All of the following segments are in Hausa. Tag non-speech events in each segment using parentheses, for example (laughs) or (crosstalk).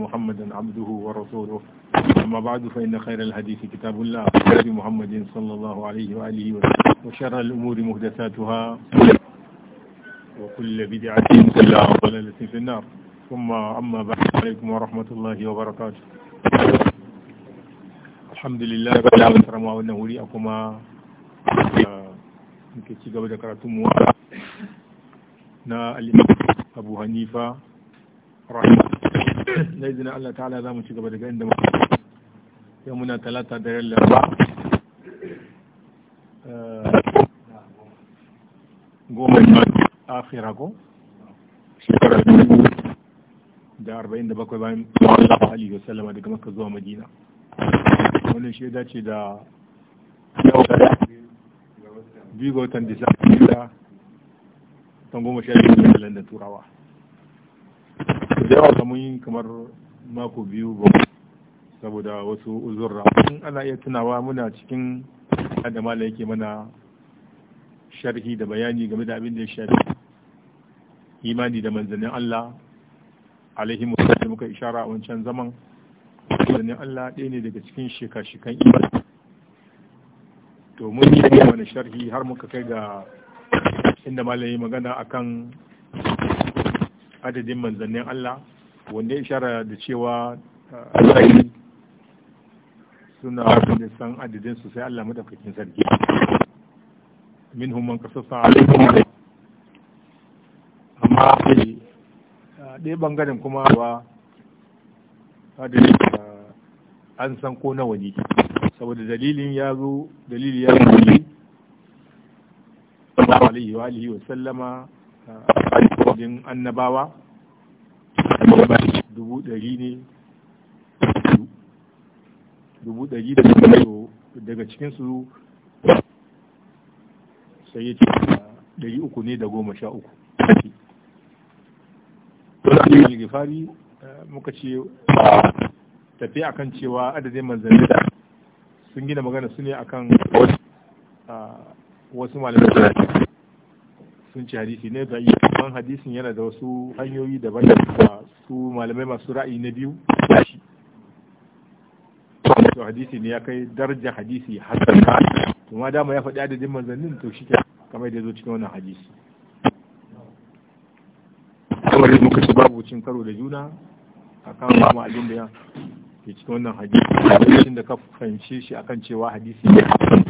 محمدا عبده ورسوله أما بعد فإن خير الحديث كتاب الله نبي محمد صلى الله عليه وآله وسلم وشر الأمور مهدساتها وكل بدعة كل ضلالة في النار ثم أما بعد عليكم ورحمة الله وبركاته الحمد لله رب العالمين وأنه عليكم ورحمة الله وبركاته gaba da karatun mu na da izinin Allah ta'ala za mu ci gaba daga inda mu yau muna talata da yalla ba eh, goma ne akhira ko shekarar da arba'in da bakwai bayan Allah alihi wasallama daga maka zuwa madina wani shi ya dace da biyu ga watan disamba goma sha biyu da turawa da yawa da mun kamar mako biyu ba saboda wasu uzurra in ana iya tunawa muna cikin da mala yake mana sharhi da bayani game da abin da ya shafi imani da manzannin Allah alaihi muka ishara a wancan zaman manzannin Allah ɗaya ne daga cikin shekashikan iman. to mun yi wani sharhi har muka kai ga inda mala yi magana akan adadin manzannin Allah wanda ya ishara da cewa uh, suna da san adadin su sai Allah madaukakin sarki minhum man kasasa amma uh, ɗaya ɓangaren kuma wa adadin an san ko nawa ne saboda dalilin ya zo dalili ya zo alaihi wa alihi wa sallama din annabawa dubu ɗari ne dubu ɗari da daga cikinsu sai ya ce ɗari uku ne da goma sha uku gifari eh, muka ce tafiya akan cewa adadin manzanni sun gina magana su ne akan ah, wasu malamai sun ci hadisi ne da yi kuma hadisin yana da wasu hanyoyi daban da su malamai masu ra'ayi na biyu shi to hadisi ne ya kai daraja hadisi hasan kuma dama ya faɗi adadin manzannin to shi kamar da zo cikin wannan hadisi kamar yadda muka ci babu cin karo da juna a kan kuma abin da ya ke cikin wannan hadisi da ka fahimce shi akan cewa hadisi eh,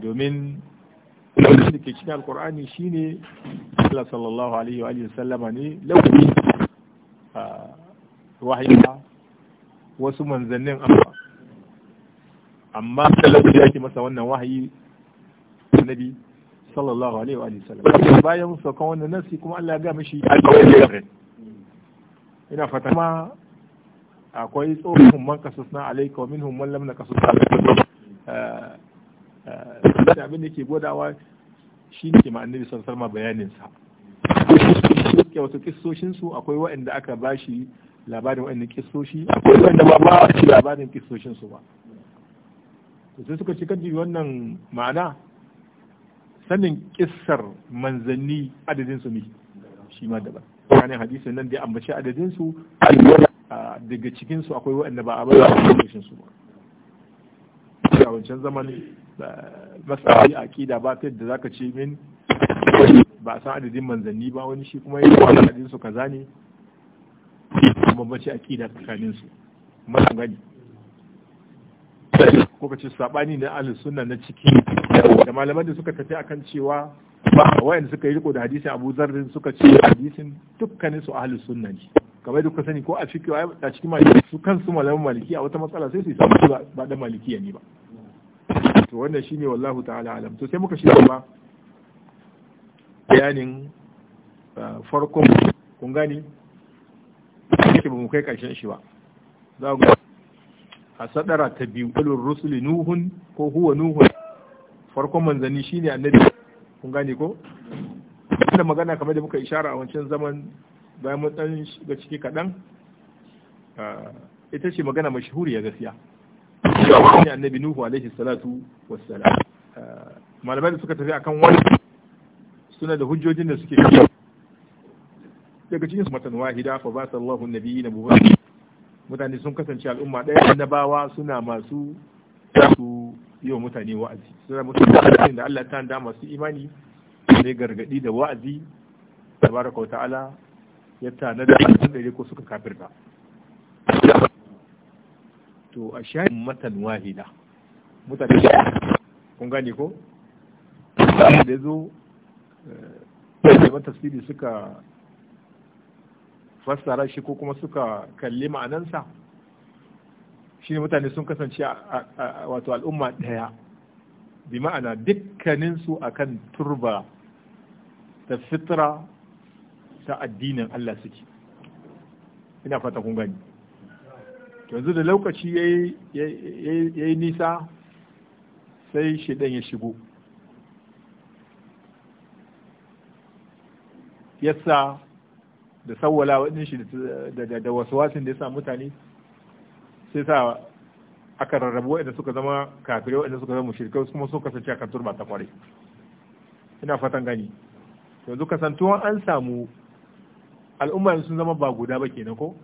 domin da ke cikin alkur'ani shine Allah sallallahu alaihi wa sallama ne launi wahayi wasu manzannin amma amma wa yake masa wannan wahayi nabi sallallahu alaihi wa sallama bayan kan wannan nasi kuma Allah ya ga mishi ina fata ma akwai tsohon man kasusna alaika wa minhum man lam nakasusna alaika eh, eh, abin da ke godawa shi ne ma annabi san sarma bayanin sa ke wasu kissoshin su akwai waɗanda aka bashi labarin waɗannan kissoshi akwai waɗanda ba ba shi labarin kissoshin su ba to sai suka cikar jiki wannan ma'ana sanin kissar manzanni adadin su ne shi ma daban ranar hadisi nan da ya ambaci adadin su daga cikin su akwai waɗanda ba a bar kissoshin su ba a wancan zamanin a kida ah. ba ta yadda zaka ce min ba san adadin manzanni ba wani shi kuma yana adadin su kaza ne a akida tsakanin su mun gani ko kace sabani na ahlus sunna na ciki da malaman da suka tafi akan cewa wayanda suka yi riko da hadisi Abu Zarr suka ce hadisin dukkanin su ahlus sunna ne kamar duka sani ko a fikiwa a cikin maliki su kansu malaman maliki a wata matsala sai su yi samu ba da malikiya ne ba to wannan shine wallahu ta'ala alam to sai muka shi kuma bayanin ah, farkon kun gani yake ba mu kai karshen shi ba za ku a sadara ta biyu kullu rusul nuhun ko huwa nuhun farkon manzanni shine annabi kun gani ko wannan magana kamar da muka ishara a wancan zaman bayan mun dan shiga ciki kadan ah, ita ce magana mashhuriya gaskiya shi annabi nuhu alaihi salatu wassalam eh, malamai da suka tafi akan wani suna da hujjojin da suke daga cikin matan wahida fa ba sallahu nabiyyi na buhari mutane sun kasance al'umma ɗaya annabawa suna masu su yi wa mutane wa'azi suna mutane da Allah ta da masu imani sai gargadi da wa'azi tabaraka wa ta'ala ya tanada da ko suka kafirta to a shayin matan wahida mutane kun gani ko da zo ɗaliban eh, tafsiri suka fassara shi ko kuma suka kalli ma'anansa shi mutane sun kasance wato al'umma ɗaya bi ma'ana dukkaninsu akan turba ta fitra ta addinin Allah suke ina fata kun gani yanzu da lokaci ya yi nisa sai shaidan ya shigo yasa da sauwala waɗin shi da wasu wasin da ya sa mutane sai sa aka rarrabu waɗanda suka zama kafirai waɗanda suka zama mushrikai kuma suka kasance a kantur ba ta kware ina fatan gani yanzu kasantuwan an samu al'umma sun zama ba guda ba kenan ko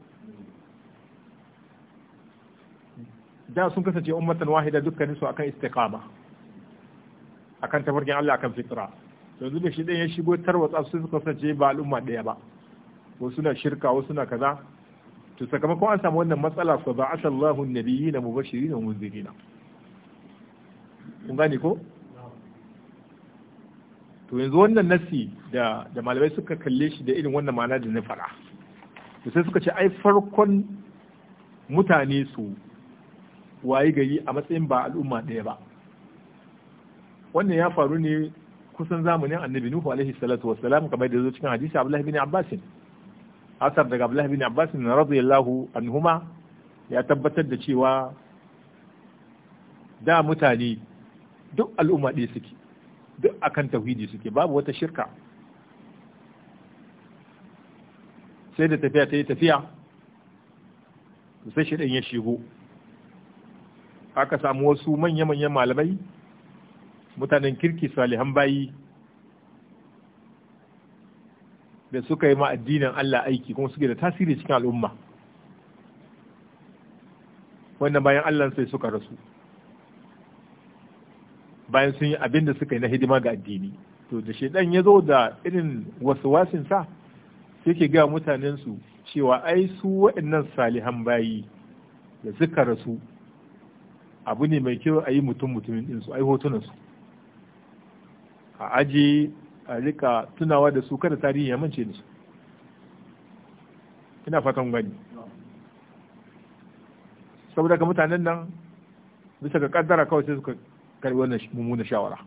da sun kasance ummatan wahida dukkanin su akan istiqama akan tafarkin Allah akan fitra yanzu da shi dan ya shigo tarwatsa su suka kasance ba al'umma daya ba wasu na shirka wasu na kaza to sakamakon an samu wannan matsala fa ba asallahu nabiyina mubashirin wa munzirin kun gane ko to yanzu wannan nasi da da malamai suka kalle shi da irin wannan ma'ana da na fara to sai suka ce ai farkon mutane su waye gari a matsayin ba al'umma ɗaya ba wannan ya faru ne kusan zamanin annabi nuhu alaihi salatu wassalam kamar da zo cikin hadisi abdullahi bin abbas asar daga abdullahi bin abbas radiyallahu anhuma ya tabbatar da cewa da mutane duk al'umma ɗaya suke duk akan tauhidi suke babu wata shirka sai da tafiya ta yi tafiya sai shi ya shigo aka samu wasu manya-manyan malamai mutanen kirki salihan bayi da suka yi ma Allah aiki kuma suke da tasiri cikin al'umma wannan bayan Allah sai suka rasu bayan sun yi abin da suka yi na hidima ga addini to da shaidan ya zo da irin wasu wasinsa sai ke ga mutanensu cewa ai su waɗannan salihan bayi da suka rasu abu ne mai kyau a yi mutum mutumin ɗinsu a yi hotunansu a aji a rika tunawa da su kada tarihi ya mance da su ina fatan gani saboda ga mutanen nan bisa ga kaddara kawai sai suka karbi wannan mummunan shawara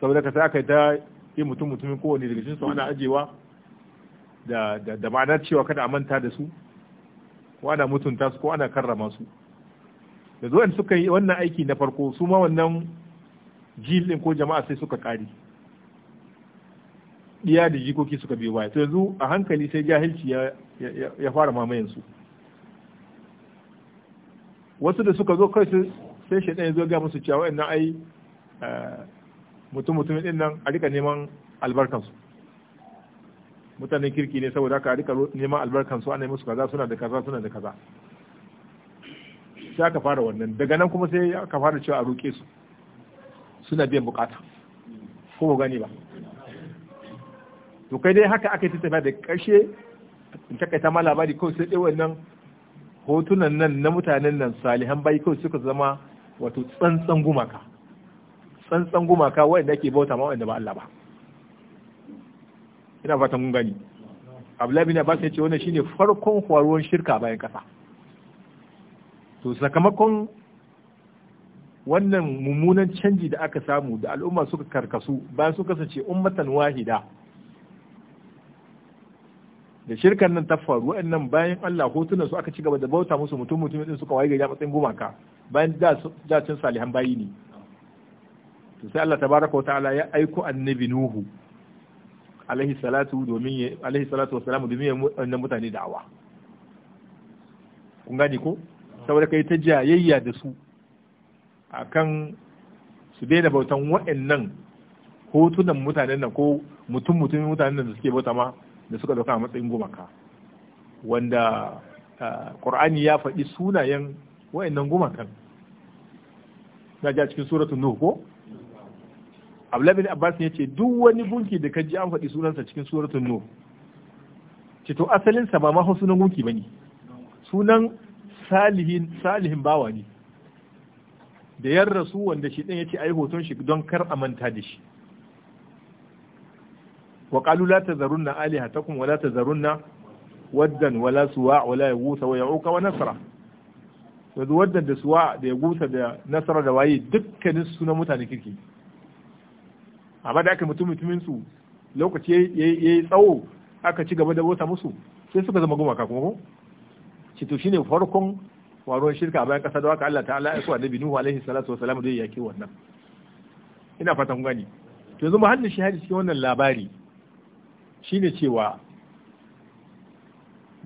saboda ka sai aka yi ta yi mutum mutumin kowane daga cikin su ana ajewa da ma'anar cewa kada a manta da su ko ana mutunta su ko ana karrama su da zuwa suka yi wannan aiki na farko su ma wannan jil din ko jama'a sai suka kari iya da jikoki suka biyo baya to yanzu a hankali sai jahilci ya fara mamayen su wasu da suka zo kai sai shaidan ya zo ga musu cewa wa'annan ai eh, mutum mutumin din nan a rika neman albarkansu mutanen kirki ne saboda haka a rika neman albarkansu ana musu kaza suna da kaza suna da kaza sai aka fara wannan daga nan kuma sai aka fara cewa a roƙe su suna biyan bukata ko gani ba to kai dai haka aka yi tattauna da ƙarshe in takaita ma labari kawai sai dai wannan hotunan nan na mutanen nan salihan bai kawai suka zama wato tsantsan gumaka tsantsan gumaka wanda ake bauta ma wanda ba Allah ba ina fatan mun gani Abdullahi bin Abbas ya ce wannan shine farkon faruwar shirka bayan kasa to sakamakon wannan mummunan canji da aka samu da al'umma suka karkasu bayan suka kasance ummatan wahida da shirkan nan ta faru wa'annan bayan Allah hotunan su aka ci gaba da bauta musu mutum mutum din suka waye gari a matsayin gumaka bayan da can salihan bayi ne to sai Allah tabaraka ta'ala ya aiko annabi Nuhu alaihi salatu domin alaihi salatu wassalamu domin ya mutane da'awa kun gani ko saboda kai ta jayayya da su akan su daina bautan wa'annan hotunan mutanen nan ko mutum mutumin mutanen nan da suke bauta ma da suka dauka a matsayin gumaka wanda Qur'ani ya faɗi sunayen wa'annan gumakan na ji a cikin suratun nuh ko Abdullahi bin Abbas ya ce duk wani gunki da ka ji an faɗi sunansa cikin suratun nuh ce to asalin sa ba ma sunan gunki bane sunan salihin salihin bawa ne da yar rasu wanda shi ɗin ya ce a yi hoton shi don kar a manta da shi wa ƙalu la ta zarun na aliha ta kuma wala ta zarun na waddan wala suwa wala ya gusa wa ya uka wa nasara yanzu waddan da suwa da ya gusa da nasara da waye dukkanin su na mutane kirki amma da aka mutum mutumin su lokaci ya yi tsawo aka ci gaba da wata musu sai suka zama gumaka kuma ko cito shine farkon waruwar shirka bayan kasa da waka Allah ta'ala ya kuwa nabi Nuhu alaihi salatu wa wasalam zai yake wannan ina fatan gani to yanzu muhallin hadisi cikin wannan labari shine cewa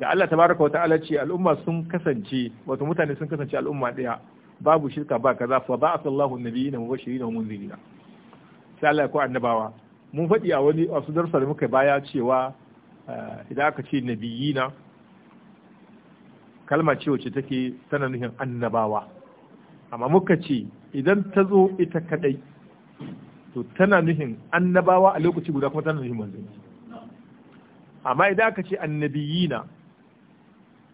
da Allah tabaraka wa ta'ala ce al'umma sun kasance wato mutane sun kasance al'umma daya babu shirka ba kaza fa ba'atha Allahu an-nabiyina mubashirin wa munzirina sai Allah ya ko annabawa mun faɗi a wani wasu darsa da muka baya cewa eh, idan aka ce nabiyina kalma ce wacce take tana nufin annabawa amma muka ce idan ta zo ita kadai to tana nufin annabawa a lokaci guda kuma tana nufin manzanni amma idan aka ce annabiyina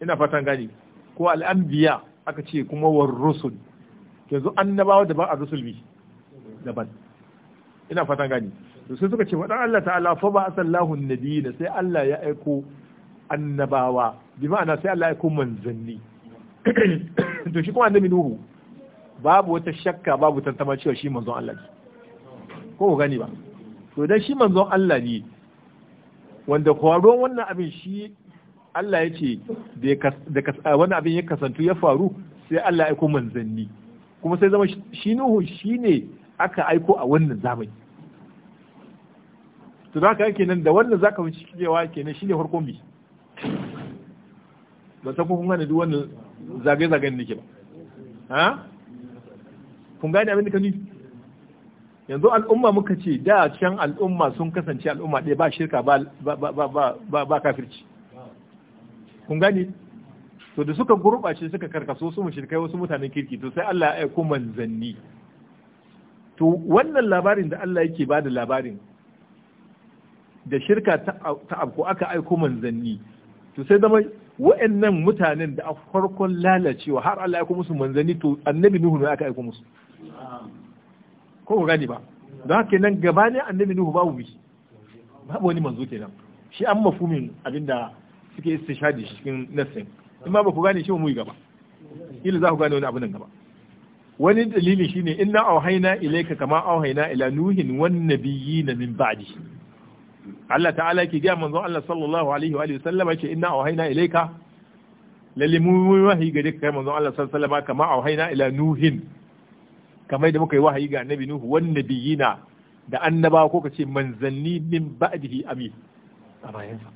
ina fatan gani ko al'anbiya aka ce kuma war rusul yanzu annabawa da ba a rusul bi daban ina fatan gani to sai suka ce wadan Allah ta'ala fa ba asallahu annabiyina sai Allah ya aiko annabawa bi ma'ana sai Allah ya ko manzanni (coughs) to shi kuma annabi nuhu babu wata shakka babu tantama cewa shi manzon Allah ne ko ku gani ba to dan shi manzon Allah ne wanda kwaron wannan abin shi Allah ya ce da wani abin ya kasantu ya faru sai Allah ya aiko manzanni kuma sai zama shi Nuhu shi ne aka aiko a wannan zamani to da haka yake nan da wannan zaka wuce cewa kenan shine farkon bi ba ta kun gane duk wannan zagaye-zagayen nake ba ha kun gane abin da ka nufi yanzu al'umma muka ce da can al'umma sun kasance al'umma ɗaya ba shirka ba kafirci kun gane to da suka gurɓace suka karkaso su mushrikai wasu mutanen kirki to sai Allah ya aiko manzanni to wannan labarin da Allah yake bada labarin da shirka ta abko aka aiko manzanni to sai zama wa'annan mutanen da a farkon lalacewa har Allah ya aiko musu manzanni to annabi Nuhu ne aka aiko musu ko ku gani ba don haka nan gaba ne annabi Nuhu babu bi babu wani manzo kenan shi an mafumin abinda suke istishadi cikin nassin in ba ku gane shi mu yi gaba ila za ku gane wani abu nan gaba wani dalili shine inna auhayna ilayka kama auhayna ila nuhin wan nabiyina min ba'di Allah ta'ala ke gaya manzon Allah sallallahu alaihi wa alihi sallama ce inna auhayna ilayka lalle mu wahayi ga dukkan manzon Allah sallallahu alaihi wa kama auhayna ila nuhin kamar da muka yi wahayi ga annabi nuhu wan nabiyina da annaba ko kace manzanni min ba'dihi amin a bayansa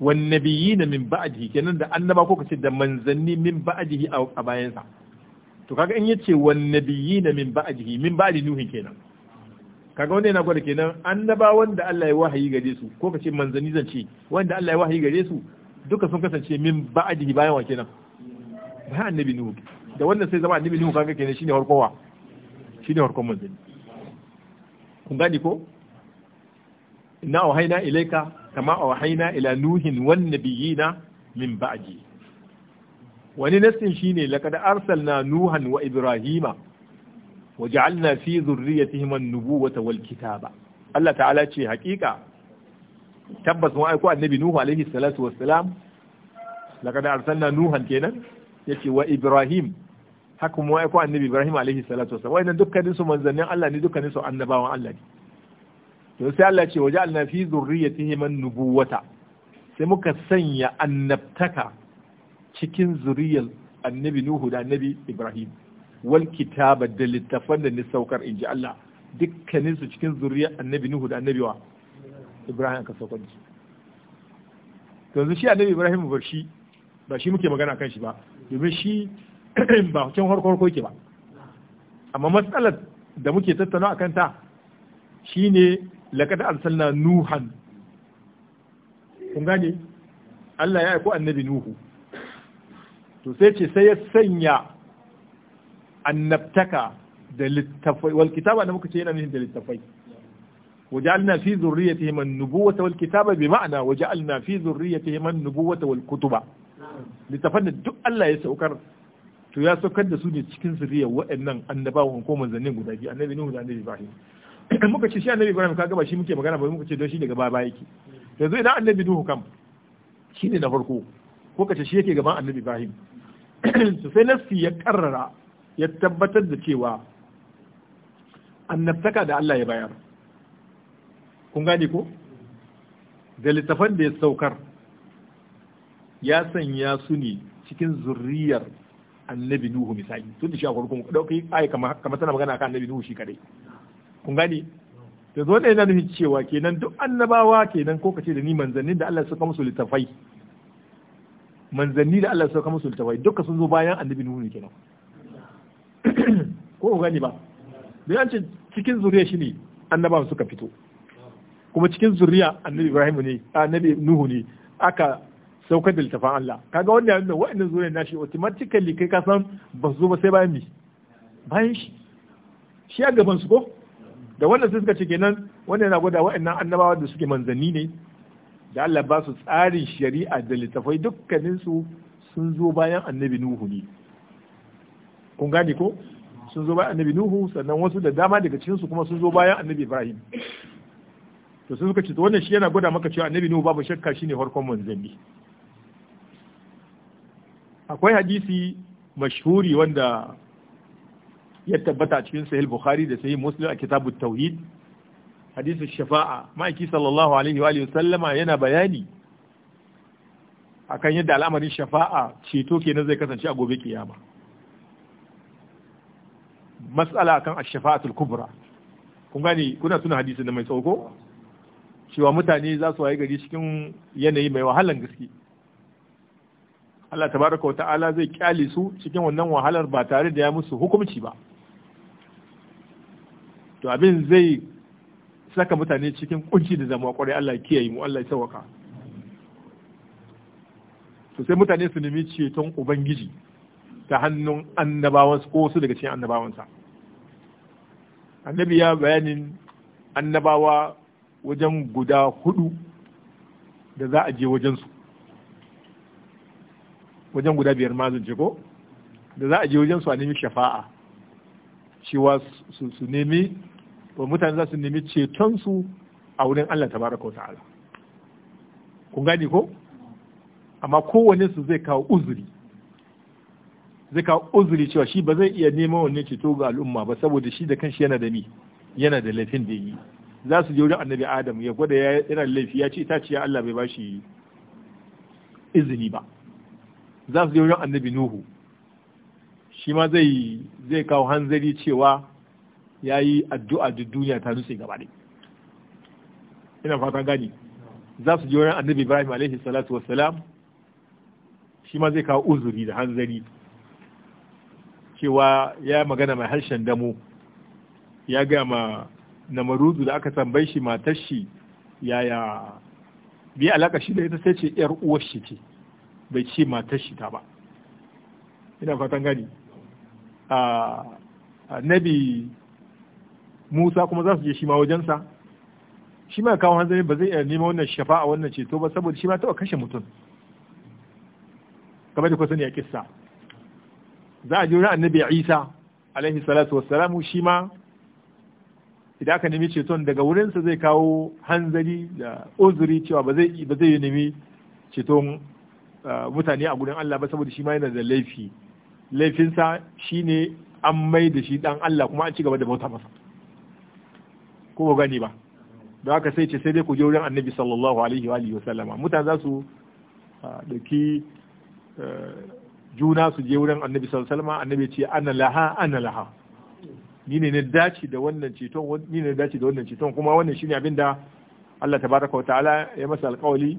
wan nabiyina min ba'dihi kenan da annaba ko kace da manzanni min ba'dihi a bayansa to kaga in yace wan nabiyina min ba'dihi min ba'di nuhin kenan kaga wanda yana gwada kenan annabawan da Allah ya wahayi gare su ko kace zan zance wanda Allah ya wahayi gare su duka sun kasance min ba'dihi bayan wa kenan ba annabi nuhu da wannan sai zama annabi nuhu kaga kenan shine harkon wa shine harkon manzani kun gani ko inna wahayna ilayka kama wahayna ila nuhin wan nabiyina min ba'di wani nassin shine laqad arsalna nuhan wa ibrahima waja'alna fi zurriyatihim an-nubuwata wal kitaba Allah ta'ala ce hakika tabbas mun aiko annabi nuhu alaihi salatu wassalam laqad arsalna nuhan kenan yace wa ibrahim haka mun aiko annabi ibrahim alaihi salatu wassalam wayannan dukkanin su manzannin Allah ne dukkanin su annabawan Allah ne to sai Allah ce waja'alna fi zurriyatihim an-nubuwata sai muka sanya annabtaka cikin zuriyar annabi nuhu da annabi ibrahim wal kitaba da littafan da ni saukar in ji Allah dukkanin su cikin zuriyar annabi Nuhu da annabi wa Ibrahim ka saukar da su yanzu shi annabi Ibrahim bar shi ba shi muke magana kan shi ba domin shi (clears throat) ba can harko harko yake ba amma matsalar da muke tattauna akan ta shine laqad arsalna nuhan kun gane Allah ya aiko annabi Nuhu to sai ce sai ya sanya annabtaka da littafai wal kitaba da muka ce yana nufin da littafai وجعلنا في ذريتهم النبوة والكتابة بمعنى وجعلنا في ذريتهم النبوة والكتبة لتفنى duk Allah ya saukar to ya saukar da su ne cikin zuriyar waɗannan annabawan ko manzannin guda biyu annabi Nuhu da annabi Ibrahim (clears throat) muka ce shi annabi Ibrahim kaga ba shi muke magana ba muka ce don shi ne gaba baya yake yanzu idan annabi Nuhu kam shi ne na farko ko ka ce shi yake gaban annabi Ibrahim (clears throat) to sai nafsi ya karrara ya tabbatar da cewa annabtaka da Allah ya bayar kun gane ko da littafan da ya saukar ya sanya su ne cikin zurriyar annabi nuhu misali tun da shi a farkon dauki ayi kamar tana magana kan annabi nuhu shi kadai kun gane da zo ne yana nufin cewa kenan duk annabawa kenan ko kace da ni manzanni da Allah ya saka musu littafai manzanni da Allah ya saka musu littafai duka sun zo bayan annabi nuhu ne kenan (clears throat) ko ku gani ba da yanci cikin zuriya shi ne annabawan suka fito kuma cikin zuriya annabi ibrahim ne annabi nuhu ne aka saukar da littafin Allah kaga wannan yana wa'annan na shi automatically kai ka san ba su zo ba sai bayan mi bayan shi shi a gaban su ko da wannan sai suka ce kenan wannan yana gwada wa'annan annabawa da suke manzanni ne da Allah ba su tsarin shari'a da littafai dukkaninsu sun zo bayan annabi nuhu ne kun gane ko sun zo bayan annabi nuhu sannan wasu da dama daga cikin su kuma sun zo bayan annabi ibrahim to sai suka ce wannan shi yana gwada maka cewa annabi nuhu babu shakka shine farkon manzanni akwai hadisi mashhuri wanda ya tabbata cikin sahih bukhari da sahih muslim a kitabu tauhid hadisin shafa'a ma'aiki sallallahu alaihi wa sallama yana bayani akan yadda al'amarin shafa'a ceto kenan zai kasance a gobe kiyama matsala kan ash-shafa'atul kubra kun gani kuna suna hadisi da mai tsoko cewa mutane za su waye gari cikin yanayi mai wahalan gaske Allah tabaraka wa ta'ala zai kyale su cikin wannan wahalar ba tare da ya musu hukunci ba to abin zai saka mutane cikin kunci da zama kwarai Allah kiyaye mu Allah ya sauka to sai mutane su nemi ceton ubangiji ta hannun annabawansa ko su daga cikin annabawansa annabi ya bayanin annabawa wajen guda hudu da za a je wajensu wajen guda biyar zance ko da za a je wajensu a nemi shafa'a cewa su nemi ba mutane za su nemi cetonsu a wurin Allah ta baraka ta'ala kun gani ko amma kowane su zai kawo uzuri zai kawo uzuri cewa shi ba zai iya neman wani ceto ga al'umma ba saboda shi da kanshi yana da ni yana da laifin da yi za su je wurin annabi adam ya gwada yana laifi ya ce ce Allah bai bashi izini ba za su je wurin annabi nuhu shi ma zai zai kawo hanzari cewa ya yi addu'a da duniya ta nutse gaba ɗaya ina fata gani za su je wurin annabi ibrahim alaihi salatu wassalam shi ma zai kawo uzuri da hanzari cewa ya magana mai harshen damo ya ga ma marudu da aka tambayi shi matar shi yaya bi alaka shi da ita sai ce yar uwar shi ce bai ce matar shi ta ba ina fatan gani a nabi Musa kuma za su je shi ma wajensa shi ma kawo hanzari ba zai iya neman wannan shafa a wannan ceto ba saboda shi ma taɓa kashe mutum kamar da kusa ne a kissa za a jira annabi isa alaihi salatu wassalamu shi ma idan aka nemi ceton daga wurinsa zai kawo hanzari da uzuri cewa ba zai ba zai nemi ceton uh, mutane a gurin Allah ba saboda shi ma yana da laifi laifinsa shi ne an mai da shi dan Allah kuma an ci gaba da bauta masa ko gani ba don haka sai ce sai dai ku je wurin annabi sallallahu alaihi wa wa sallama mutane za su dauki uh, uh, juna su je wurin annabi sallallahu annabi ce ana laha ana laha ni ne na dace da wannan ceton ni ne dace da wannan ceton kuma wannan shine abin da Allah tabaraka wa ta'ala ya masa alƙawali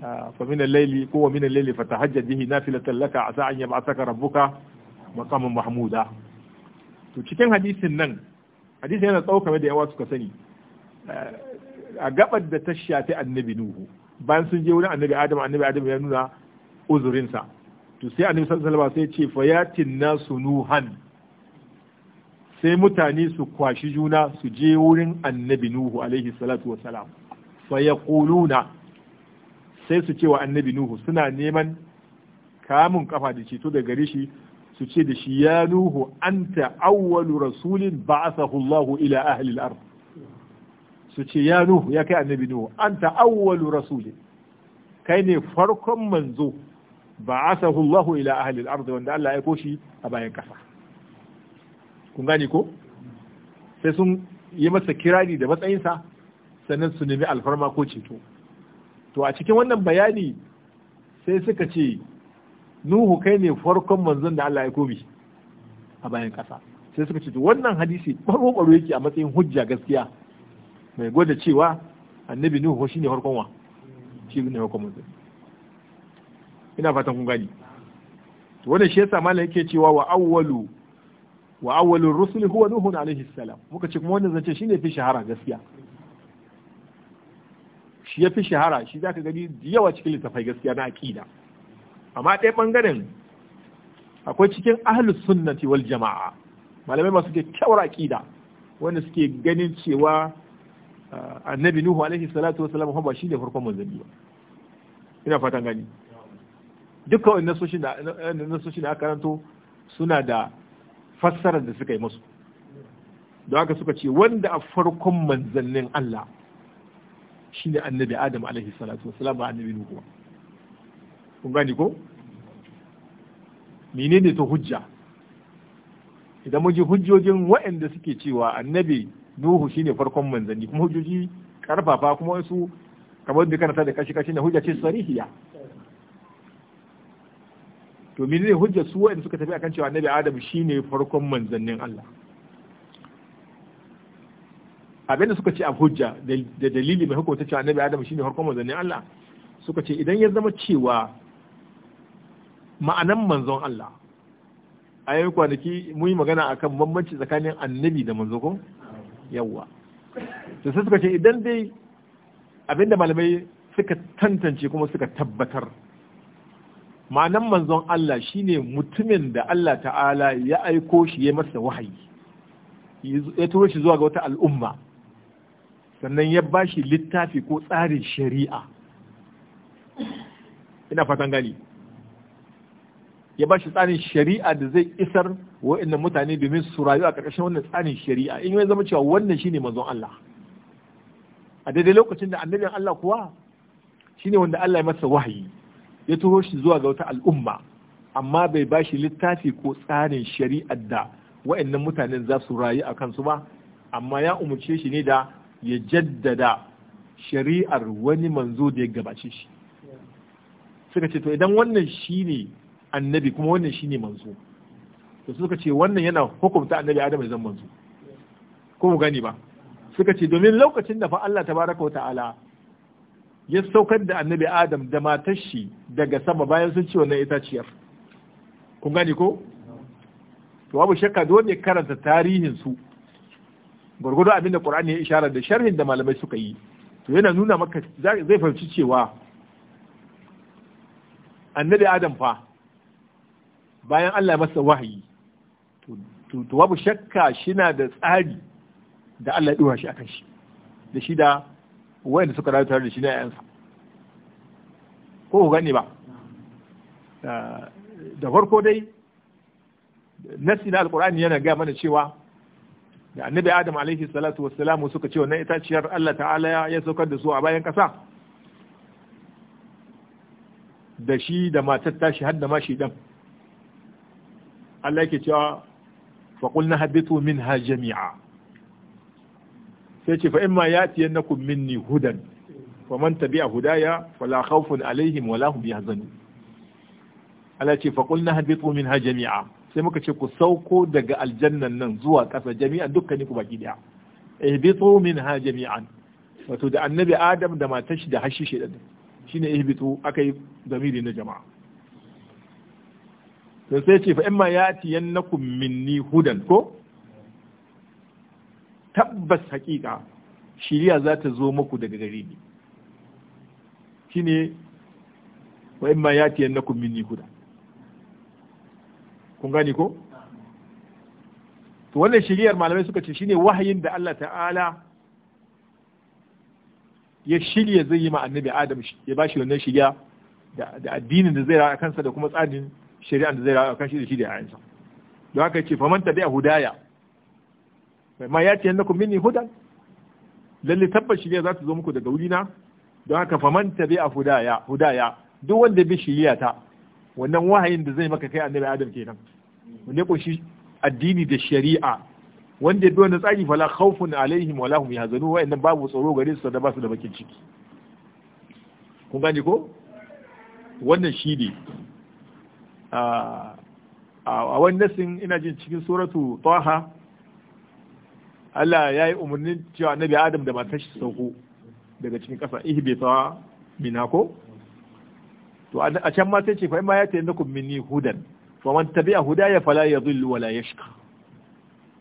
fa min al-layli ko min al-layli tahajjad bihi nafilatan laka asa an yab'athaka rabbuka maqaman mahmuda to cikin hadisin nan hadisi yana tsawo da yawa suka sani a gabar da ta shafi annabi nuhu bayan sun je wurin annabi adam annabi adam ya nuna uzurinsa to sai annabi sallallahu alaihi sai ce fayatin nasu nuhan sai mutane su kwashi juna su je wurin annabi nuhu alaihi salatu wasalam fayaquluna sai su ce wa annabi nuhu suna neman kamun kafa da ceto da gare shi su ce da shi ya nuhu anta awwalu rasulin ba'athahu Allahu ila ahli al-ard su ce ya nuhu ya kai annabi nuhu anta awwalu rasulin kai ne farkon manzo a Allahu ila ahli al-ard wanda Allah ya koshi a bayan kasa kun gane ko sai sun yi masa kirari da matsayinsa sannan su nemi alfarma ko ceto to a cikin wannan bayani sai suka ce Nuhu kai ne farkon manzon da Allah ya kobi a bayan kasa sai suka ce wannan hadisi baro baro yake a matsayin hujja gaskiya mai gwada cewa annabi Nuhu shine farkon wa shi ne farkon manzon ina fatan kun gani wanda shi yasa malam yake cewa wa awwalu wa awwalur rusul huwa nuhun alaihi salam muka ce kuma wannan zance shine fi shahara gaskiya shi ya fi shahara shi zaka gani yawa cikin littafai gaskiya na aqida amma ɗaya bangaren akwai cikin ahlus sunnati wal jama'a malamai masu kyawar aqida wanda suke ganin cewa eh, annabi nuhu alaihi salatu wasalam ba ne farkon manzanni ba ina fatan gani dukkan wani nasoshi da aka ranto suna da fassarar da suka yi masu don haka suka ce wanda a farkon manzannin Allah shi ne annabi Adam alaihi salatu wasalam annabi Nuhu kuma kun gani ko menene ta hujja idan mun ji hujjojin waɗanda suke cewa annabi Nuhu shine farkon manzanni kuma hujjoji karfafa kuma wasu kamar da karanta da kashi kashi na hujja ce sarihiya to menene hujjar su waɗanda suka tafi akan cewa annabi adam shine farkon manzannin Allah abinda suka ce a hujja da dalili mai hukunta cewa annabi adam shine farkon manzannin Allah suka ce idan ya zama cewa ma'anan manzon Allah a yi kwanaki mun yi magana akan bambanci tsakanin annabi da manzo ko yawwa to sai suka ce idan dai abinda malamai suka tantance kuma suka tabbatar ma'anan manzon Allah shine mutumin da Allah ta'ala ya aiko shi ya masa wahayi ya turo shi zuwa ga wata al'umma sannan ya ba shi littafi ko tsarin shari'a ina fatan gani ya ba shi tsarin shari'a da zai isar wa'annan mutane domin su rayu a ƙarƙashin wannan tsarin shari'a in ya zama cewa wannan shine manzon Allah a daidai lokacin da annabin Allah kuwa shine wanda Allah ya masa wahayi ya turo shi zuwa ga wata al'umma amma bai ba shi littafi ko tsarin shari'ar da wa'annan mutanen za su rayu a kansu ba amma ya umarce shi ne da ya jaddada shari'ar wani manzo da ya gabace shi suka ce to idan wannan shine annabi kuma wannan shine manzo to suka ce wannan yana hukunta annabi adam ya zan manzo ko mu gani ba suka ce domin lokacin da fa Allah tabaraka wa ta'ala ya saukar da annabi adam da matar shi daga sama bayan sun ci wannan itaciyar kun gani ko to babu shakka dole karanta tarihin su gurgudu abin da qur'ani ya isharar da sharhin da malamai suka yi to yana nuna maka zai fahimci cewa annabi adam fa bayan Allah ya masa wahayi to babu shakka shina da tsari da Allah ya ɗora shi akan shi da shi da wanda suka rayu tare da shi na yayansa ko ku gani ba da farko dai nasi na alkur'ani yana gaya mana cewa da annabi adam alaihi salatu wassalamu suka ce wannan itaciyar Allah ta'ala ya saukar da su a bayan kasa da shi da matar tashi har da ma shi dan Allah yake cewa fa qulna min minha jami'a sai ce fa imma yati yannakum minni hudan fa man tabi'a hudaya fala khawfun alaihim wala hum yahzanun ala ce fa qulna habitu minha jami'a sai muka ce ku sauko daga aljannan nan zuwa kasa jami'a dukkanin ku baki daya ihbitu minha jami'an wato da annabi adam da matar shi da hashi da shine ihbitu akai zamiri na jama'a sai sai ce fa imma yati yannakum minni hudan ko tabbas haƙiƙa shiriya za ta zo muku daga gare ni shine ya tiyan na yannakum minni kuda kun gani ko to wannan shiriyar malamai suka ce shine wahayin da Allah ta'ala ya shirya zai yi ma annabi Adam ya ba shi wannan shirya da addinin da zai ra'a kansa da kuma tsarin shari'an da zai ra'a kansa da shi da yayansa don haka ce faman a hudaya ma ya ce yannakum minni hudan lalle tabbas shiriya za ta zo muku daga wurina don haka faman a hudaya hudaya duk wanda bi shiriya ta wannan wahayin da zai maka kai annabi adam kenan wanda kunshi addini da shari'a wanda bi wannan tsari fala khawfun alaihim wala hum wa wa'annan babu tsoro gare su da ba da bakin ciki kun gane ko wannan shi ne a wannan nasin ina jin cikin suratu taha Allah ya yi umarnin cewa annabi Adam da matar shi sauko daga cikin ƙasa bai sawa mina ko to a can ma sai ce fa ma ya tayi nakum mini hudan fa man tabi'a ya fala zullu wala shika.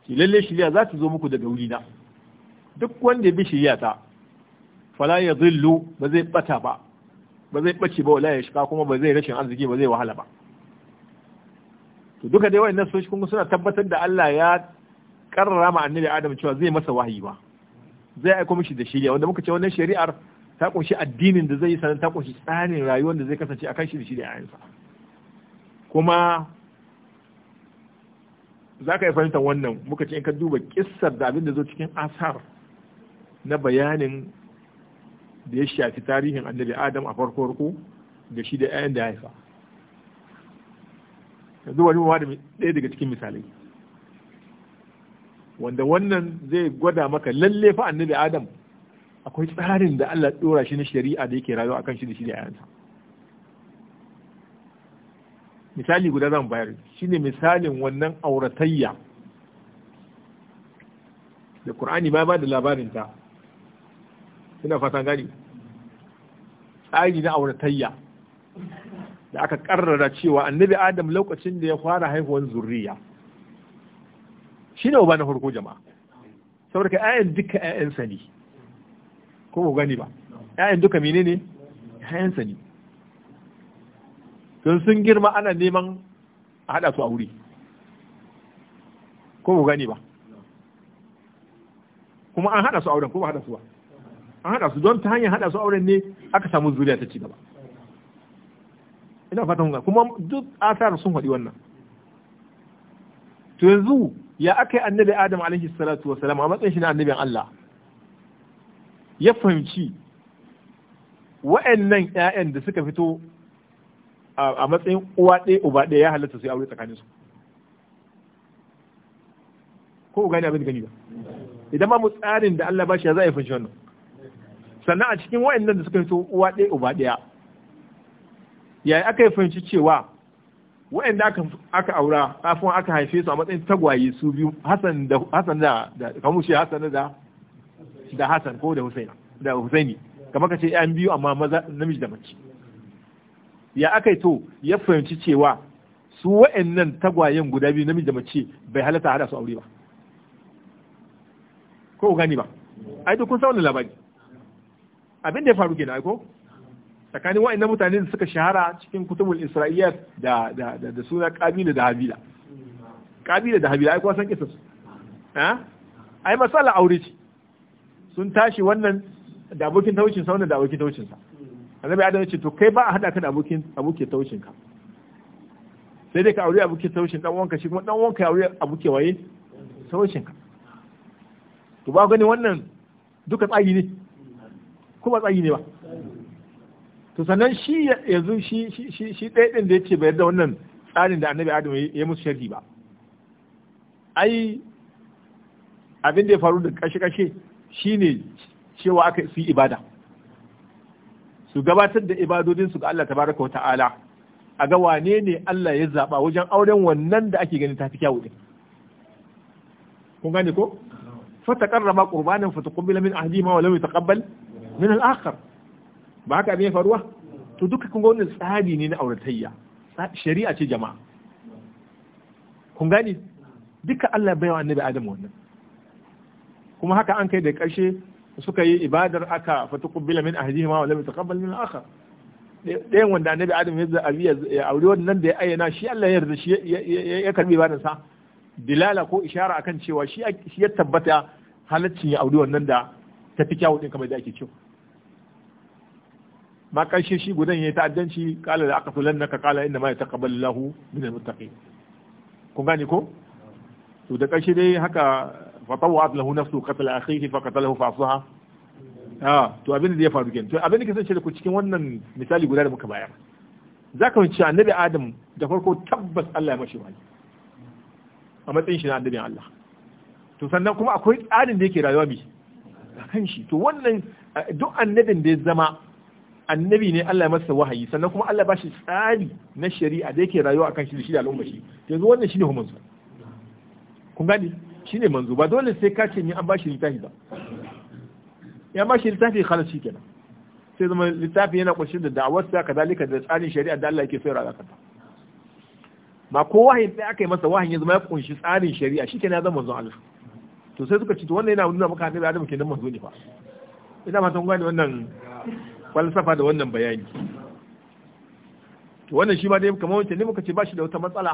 ki lalle shirya za ta zo muku daga wuri na duk wanda ya bi shirya ta fala zullu ba zai bata ba ba zai bace ba wala shika kuma ba zai rashin arziki ba zai wahala ba to duka dai wayannan sun suna tabbatar da Allah ya karrara ma annabi adam cewa zai masa wahayi ba zai aiko mishi da shari'a wanda muka ce wannan shari'ar ta kunshi addinin da zai yi sanan ta kunshi tsarin rayuwar da zai kasance a kan shi da shari'a kuma za ka yi fahimtar wannan muka ce in ka duba kissar da abin da zo cikin asar na bayanin da ya shafi tarihin annabi adam a farko farko da shi da 'ya'yan da ya haifa yanzu wani ma da ɗaya daga cikin misalai wanda wannan zai gwada maka lalle fa annabi adam akwai tsarin da Allah dora shi na shari'a da yake rayuwa akan shi da shi da yayansa misali guda zan bayar shine misalin wannan auratayya da Qur'ani ba ba da labarin ta ina fatan gani tsari na auratayya da aka karrara cewa annabi adam lokacin da ya fara haihuwar zuriya shi ne uba na farko jama'a saboda ka ayan duka ayan sani ko ba gani ba ayan duka menene ayan sani don sun girma ana neman a haɗa su a wuri ko ba gani ba kuma an haɗa su auren ko ba haɗa su ba an haɗa su don ta hanyar haɗa su auren ne aka samu zuriya ta ci gaba ina fatan kuma duk asar sun haɗi wannan to yanzu ya aka yi annabi adam alaihi salatu wasalam a matsayin shi na annabin Allah ya fahimci wa'annan ƴaƴan da suka fito a matsayin uwa ɗaya uba ɗaya ya halatta su aure tsakaninsu ko gani abin gani ba idan ma mu tsarin da Allah ba shi ya za a yi fahimci wannan sannan a cikin wa'annan da suka fito uwa ɗaya uba ɗaya yayi aka yi fahimci cewa wa'anda aka aka aura kafin aka haife su a matsayin tagwaye su biyu Hassan da Hassan da kamushi Hassan da da Hassan ko da Husaina da Husaini kamar ka ce yan biyu amma maza namiji da mace ya aka to ya fahimci cewa su wa'annan tagwayen guda biyu namiji da mace bai halatta hada su aure ba ko gani ba ai duk kun sa labari abin da ya faru kenan ai ko tsakanin wa'annan mutane da suka shahara cikin kutubul isra'iyyar da da da, da suna kabila da habila kabila da habila ai kuma san kisan su ai masala aure ce sun tashi wannan da abokin taucin sa wannan da abokin taucin sa annabi adam ya ce to kai ba a hada ka da abokin abokin taucin ka sai dai ka aure abokin taucin dan wanka shi kuma dan wanka ya aure abokin waye taucin ka to ba gani wannan duka tsagi ne kuma tsagi ne ba to sannan shi yanzu shi shi shi ɗaya ɗin da ya ce bai da wannan tsarin da annabi adam ya musu sharri ba ai abin da ya faru da kashe-kashe shine cewa aka su ibada su gabatar da su ga Allah tabaraka wa ta'ala a ga wane ne Allah ya zaba wajen auren wannan da ake ganin tafi kyawu din kun gane ko fata karrama qurbanan fa tuqbila min ahdima wa lam yataqabbal min al-akhar ba haka abin faruwa to duka kun ga wannan tsari ne na auratayya shari'a ce jama'a kun gani duka Allah bai wa annabi Adam wannan kuma haka an kai da ƙarshe suka yi ibadar aka fatuqbila min ma wa lam yataqabbal min akhar ɗayan wanda annabi Adam ya zabi ya aure wannan da ya ayyana shi Allah ya yarda shi ya karbi ibadar sa dilala ko ishara akan cewa shi ya tabbata halaccin ya aure wannan da tafi kyawu din kamar da ake cewa ma karshe shi gudan yayi ta'addanci qala la aqtulannaka qala inna ma yataqabbalu min almuttaqin kun gane ko to da karshe dai haka fatawat lahu nafsu qatala akhihi fa qatalahu fa asaha ah to abin da ya faru kenan to abin da kasance da ku cikin wannan misali guda da muka bayar zaka wuce annabi adam da farko tabbas Allah ya mashi wani a matsayin shi na annabin Allah to sannan kuma akwai tsarin da yake rayuwa bi kan shi to wannan duk annabin da ya zama annabi ne Allah ya masa wahayi sannan kuma Allah ba shi tsari na shari'a da yake rayuwa akan shi da shi da al'umma shi yanzu wannan shine manzo kun gani shine manzo ba dole sai ka ce ni an ba shi littafi ba ya ba shi littafi khalas shi kenan sai zama littafi yana kunshe da da'awar sa kadalika da tsarin shari'a da Allah yake so ya rayuwa kanta ba ko wahayi sai aka yi masa wahayi zama ya kunshi tsarin shari'a shi kenan ya zama manzo Allah to sai suka ce to wannan yana nuna maka annabi Adam kenan manzo ne fa ina ma tun gani wannan falsafa da wannan bayani to wannan shi ma dai kamar wancan ne muka ce ba shi da wata matsala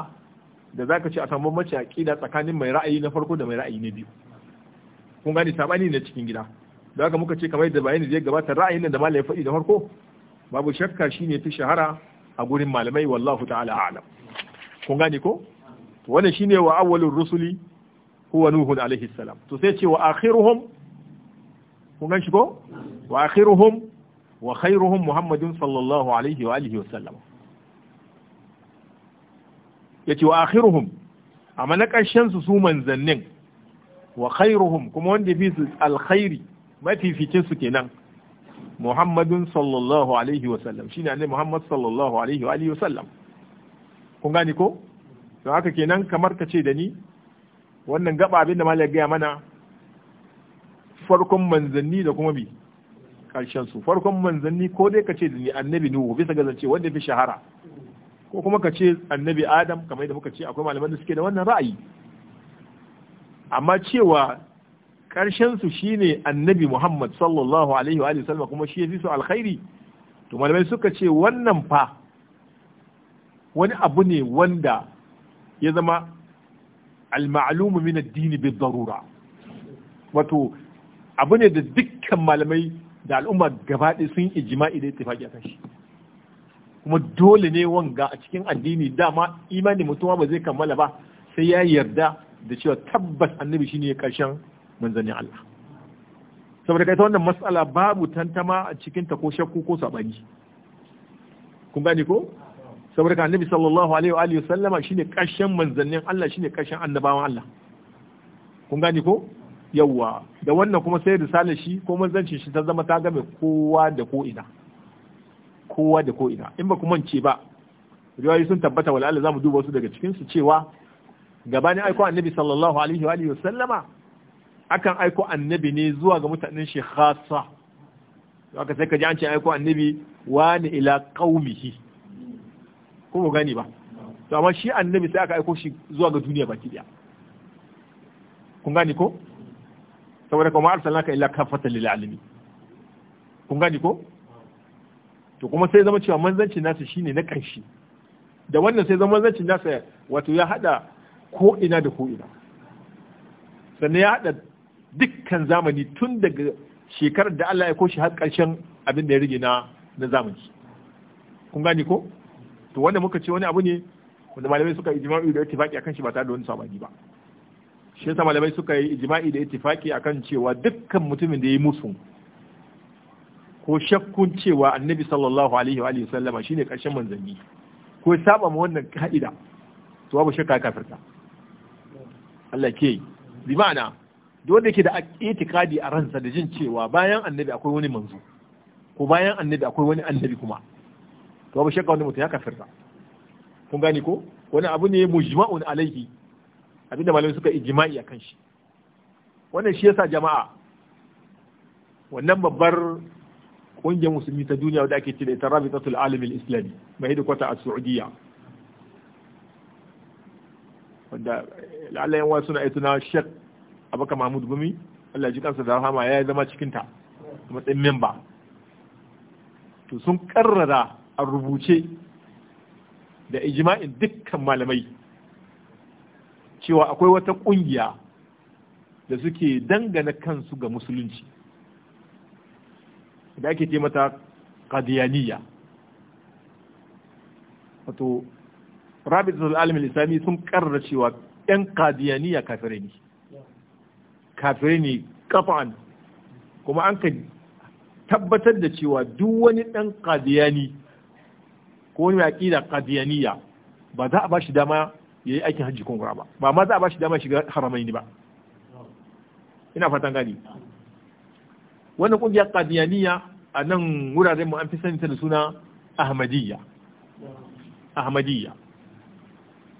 da zaka ce a samu mace aqida tsakanin mai ra'ayi na farko da mai ra'ayi na biyu kun gane sabani na cikin gida da haka muka ce kamar yadda bayani zai gabata ra'ayin nan da ya faɗi da farko babu shakka shine fi shahara a gurin malamai wallahu ta'ala a'lam kun gane ko to wannan shine wa awwalur rusuli huwa nuhun alaihi salam to sai ce wa akhiruhum kun gani shi ko wa akhiruhum wa khairuhum muhammadin sallallahu alaihi wa alihi wa sallam yace wa akhiruhum amma na ƙarshen su su manzannin wa khairuhum kuma wanda fi su alkhairi mafificin su kenan muhammadin sallallahu alaihi wa sallam shine annabi muhammad sallallahu alaihi wa alihi wa sallam kun gane ko to haka kenan kamar ka ce da ni wannan gaba abin da malaka gaya mana farkon manzanni da kuma bi karshen su farkon manzanni ko dai ka ce da annabi nuhu bisa ga zance wanda fi shahara ko kuma ka ce annabi adam kamar yadda muka ce akwai malaman da suke da wannan ra'ayi amma cewa karshen su shine annabi muhammad sallallahu alaihi wa sallam kuma shi fi su alkhairi to malamai suka ce wannan fa wani abu ne wanda ya zama al-ma'lumu min ad-din bi-darura wato abu ne da dukkan malamai da al'umma gabaɗe sun jima'i da ittifaqi a shi kuma dole ne wanga a cikin addini dama imani mutum ba zai kammala ba sai ya yarda da cewa tabbas annabi shine karshen manzanni Allah saboda kai ta wannan matsala babu tantama a cikin ta ko shakku ko sabani kun gane ko saboda ka annabi sallallahu alaihi wa alihi wasallama shine karshen manzannin Allah shine karshen annabawan Allah kun gane ko yawwa da wannan kuma sai risalar shi ko manzancin shi ta zama ta game kowa da ko ina kowa da ko ina in ba ku mance ba riwayoyi sun tabbata wala Allah zamu duba su daga cikin su cewa gabanin aiko annabi sallallahu alaihi wa alihi wasallama akan aiko annabi ne zuwa ga mutanen shi khassa haka sai ka ji an ce aiko annabi wani ila qaumihi ko mu gani ba to amma shi annabi sai aka aiko shi zuwa ga duniya baki daya kun gani ko saboda kuma ka illa kafatan lil alamin kun gani ko to kuma sai zama cewa manzancin nasa shine na kanshi da wannan sai zama manzancin nasa wato ya hada ko ina da ko ina sannan ya hada dukkan zamani tun daga shekarar da Allah ya koshi har karshen abin da ya rige na na zamani kun gani ko to wanda muka ce wani abu ne wanda malamai suka ijma'u da ittifaqi akan shi ba tare da wani sabani ba shi yasa malamai suka yi ijma'i da ittifaki akan cewa dukkan mutumin da ya yi musu ko shakkun cewa annabi sallallahu alaihi wa alihi sallama shine karshen manzanni ko ya saba ma wannan ka'ida to babu shakka kafirta Allah ke bi ma'ana duk wanda yake da itikadi a ransa da jin cewa bayan annabi akwai wani manzo ko bayan annabi akwai wani annabi kuma to babu shakka wani mutum ya kafirta kun gane ko wani abu ne mujma'un alaihi abinda malamai suka a akan shi wannan shi yasa jama'a wannan babbar kungiyar musulmi ta duniya da ake ce da ita rabitatul alamin islami mai hidikwata a saudiya wanda la'alla yan wasu na shek abaka mahmud gumi allah ji kansa da rahama ya zama cikinta a matsayin memba to sun karrara a rubuce da ijma'in dukkan malamai cewa akwai wata ƙungiya da suke dangana kansu ga musulunci da ake ce mata kadiyaniya wato rabit alamin islami sun karra cewa yan kadiyaniya kafirai ne kafirai ne kafa'an kuma an ka tabbatar da cewa duk wani ɗan kadiyani ko wani mai aqida kadiyaniya ba za a ba shi dama yayi aikin hajji ko ba ba ma za a bashi dama shiga haramaini ba ina fatan gani wannan kungiyar qadiyaniya a nan wuraren mu an fi sani ta da suna ahmadiyya ahmadiyya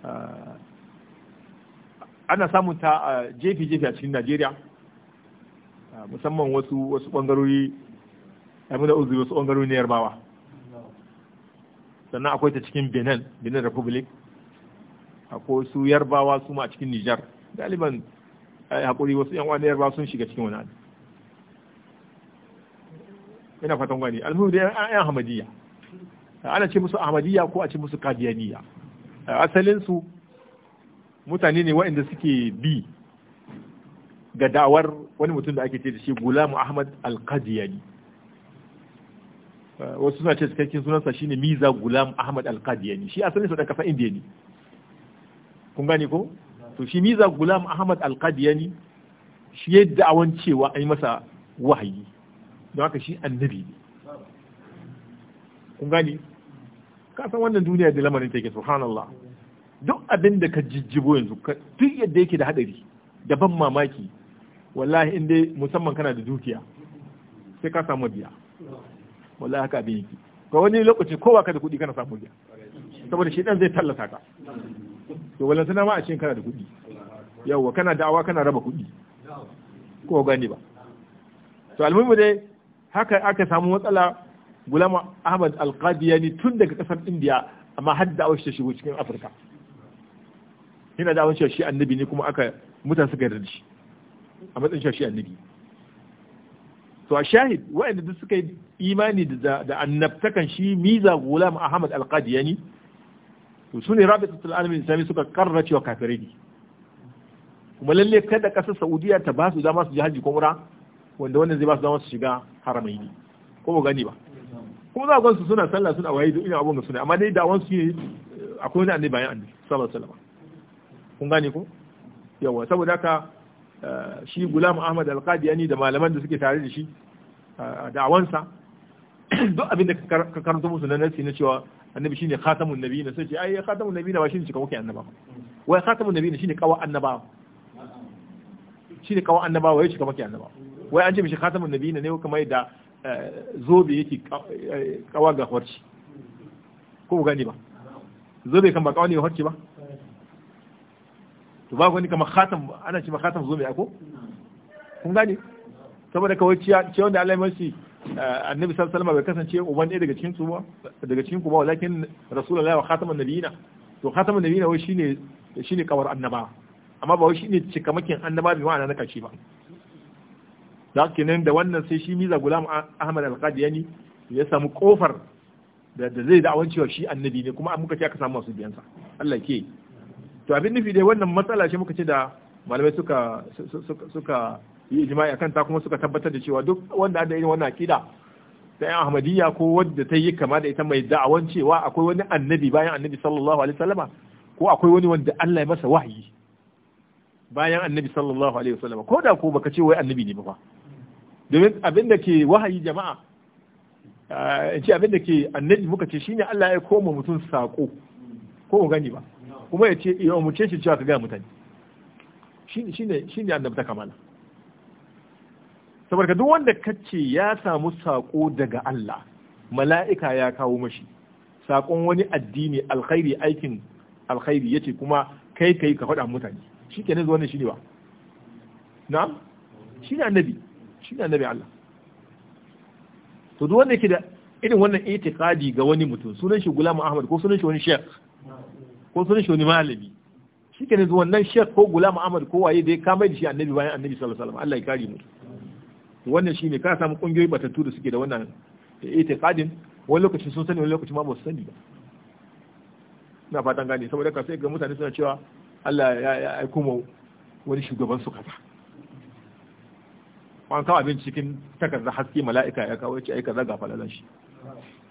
ah, ana samun ta jefi-jefi a cikin najeriya ah, musamman wasu wasu bangarori abin da uzuri wasu bangarori na yarbawa sannan akwai ta cikin benin benin republic Akwai su yarbawa su ma a cikin nijar galiban haƙuri wasu yan wani yarbawa sun shiga cikin wani ina fatan wani alhamdulillah da yan hamadiyya ana ce musu ahmadiyya ko a ce musu kadiyaniya asalin su mutane ne waɗanda suke bi ga da'awar wani mutum da ake ce da shi gulamu ahmad al wasu suna ce cikakken sunansa shine miza gulam ahmad al shi asalin sa da kasa indiya ne kun gane ko to shi miza gulam ahmad alqadiyani shi yadda awan cewa ai masa wahayi don haka shi annabi ne kun gane ka san wannan duniya da lamarin take subhanallah duk abin da ka jijjibo yanzu duk yadda yake da hadari da ban mamaki wallahi in dai musamman kana da dukiya sai ka samu biya wallahi haka abin yake ga wani lokaci kowa ka da kuɗi kana samu biya saboda shi dan zai tallata ka to wallan sana ma a cikin kana da kuɗi yawwa kana da'awa kana raba kuɗi ko gani ba to almuhimu dai haka aka samu matsala Gulama ahmad alqadiyani tun daga kasar indiya amma har da'awar shi shigo cikin afirka yana da'awar shi annabi ne kuma aka mutan suka yarda shi a matsayin shi annabi to a shahid waɗanda duk suka yi imani da annabtakan shi miza gulam ahmad alqadiyani to su ne rabitatul alamin islami suka karra cewa kafirai ne kuma lalle kada kasar saudiya ta ba su dama su ji hajji ko mura wanda wannan zai ba su dama su shiga haramai ne ko ba gani ba kuma za a su suna sallah suna waye duk ina abun suna amma dai da wansu ne akwai wani annabi bayan annabi sallallahu alaihi wasallam kun gane ko yawa saboda haka eh, shi gulam ahmad al da malaman da suke tare da shi eh, da'awansa (clears throat) duk abin da ka karanto musu na nasi na cewa annabi shine khatamun nabiyina sai ce ai khatamun nabiyina ba shine cikakken annaba wai khatamun nabiyina shine kawa annaba shine kawa annaba wai cikakken annaba wai an ce mishi khatamun nabiyina ne kuma yadda eh, zobe yake eh, kawa ga horci ko gani ba zobe kan ba kawa ne horci ba to ba gani kamar khatam ana ce ma khatam zobe ako kun gani saboda kawai ciya da Allah ya mace annabi sallallahu alaihi bai kasance uban ɗaya daga cikin su ba daga cikin ku ba walakin rasulullahi wa khataman nabiyina to khataman nabiyina wai shine shine kawar annaba amma ba wai shine cikamakin annaba bi ma'ana na kashi ba lakinin da wannan sai shi miza gulam ahmad al-qadiyani ya samu kofar da zai da'awan cewa shi annabi ne kuma an muka ce aka samu masu biyansa Allah ke to abin nufi dai wannan matsala shi muka ce da malamai suka suka yi ijma'i akan ta kuma suka tabbatar da cewa duk wanda da irin wannan akida ta yan ahmadiyya ko wadda ta yi kama da ita mai da'awan cewa akwai wani annabi bayan annabi sallallahu alaihi wasallama ko akwai wani wanda Allah ya masa wahayi bayan annabi sallallahu alaihi wasallama ko da ko baka ce wai annabi ne ba fa domin abin da ke wahayi jama'a in ce abin da ke annabi muka ce shine Allah ya koma mutum sako ko mu gani ba kuma ya ce ya umurce shi cewa ka ga mutane shine shine shine annabi ta kamala saboda duk wanda kace ya samu sako daga Allah mala'ika ya kawo mashi sakon wani addini alkhairi aikin alkhairi yace kuma kai kai ka faɗa mutane shikenan wannan shine ba na'am shine annabi shine annabi Allah to duk wanda yake da irin wannan itikadi ga wani mutum sunan shi gulamu Ahmad ko sunan shi wani sheikh ko sunan shi wani malami shikenan wannan sheikh ko gulamu Ahmad ko waye dai ya kama da shi annabi bayan annabi sallallahu alaihi wasallam Allah ya kare mu wannan shine ka samu kungiyoyi batattu da suke da wannan itiqadin wani lokaci sun sani wani lokaci ma ba su sani ba ina fatan gane saboda ka sai ga mutane suna cewa Allah ya aiko mu wani shugaban su kaza an kawo abin cikin takarda haske mala'ika ya kawo ce ai kaza ga falalan shi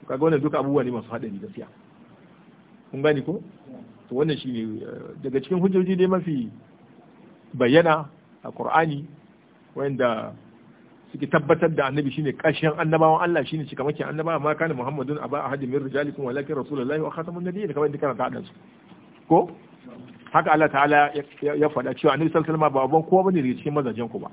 kaga wannan duka abubuwa ne masu hadari gaskiya kun gane ko to wannan shine eh, daga cikin hujjoji ne mafi bayyana a Qur'ani wanda suke tabbatar da annabi shine ƙarshen annabawan Allah shine cikamakin annabawa ma kana Muhammadun aba ahadin min rijalikum walakin rasulullahi wa khatamun nabiyyin kamar da kana fadan su ko haka Allah ta'ala ya faɗa cewa annabi sallallahu alaihi wasallam ba babban kowa bane daga cikin mazajen ku ba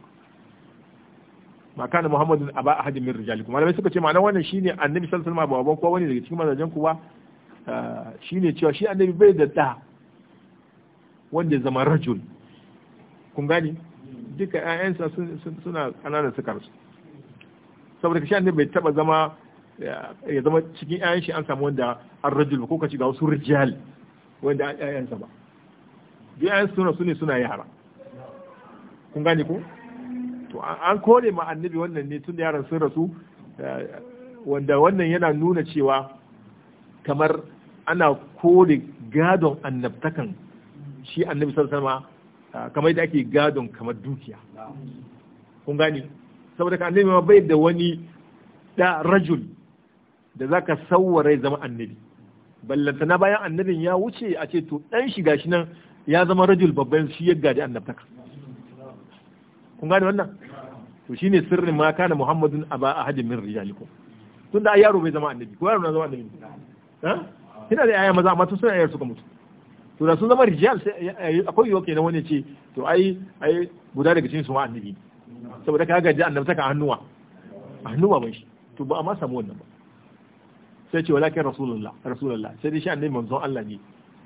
ma kana Muhammadun aba ahadin min rijalikum malamai suka ce ma'ana wannan shine annabi sallallahu alaihi wasallam ba babban kowa bane daga cikin mazajen ku ba ah, shine cewa shi annabi bai da da wanda zama rajul kun gani duka ƴaƴansa suna ƙananan sukarsu saboda kashi annabi bai taba zama ya zama cikin ƴaƴan shi an samu wanda an rajul ko kaci ga wasu rijal wanda ƴaƴansa ba duk ƴaƴan suna sune suna yara kun gane ko to an kore ma annabi wannan ne tun da yaran sun rasu eh, wanda wannan yana nuna cewa kamar ana kore gadon annabtakan shi annabi sallallahu alaihi Ah, kamar da ake gadon kamar dukiya kun gani saboda ka annabi ma bai da wani da rajul da zaka sawarai zama annabi ballantana bayan annabin ya wuce a ce to dan shiga shi nan ya zama rajul babban shi ya gadi annabtaka kun gani wannan to shine sirrin ma kana muhammadun aba ahadin min rijalikum tunda yaro bai zama annabi ko yaro na zama annabi ha kina da yaya maza amma tun suna yayar suka mutu to da sun zama rijal akwai yiwuwa kenan wani ce to ai ai guda daga cikin su ma annabi saboda ka gaji annabi saka hannuwa hannuwa ban shi to ba a ma samu wannan ba sai ce walakin rasulullah rasulullah sai dai shi annabi manzon Allah ne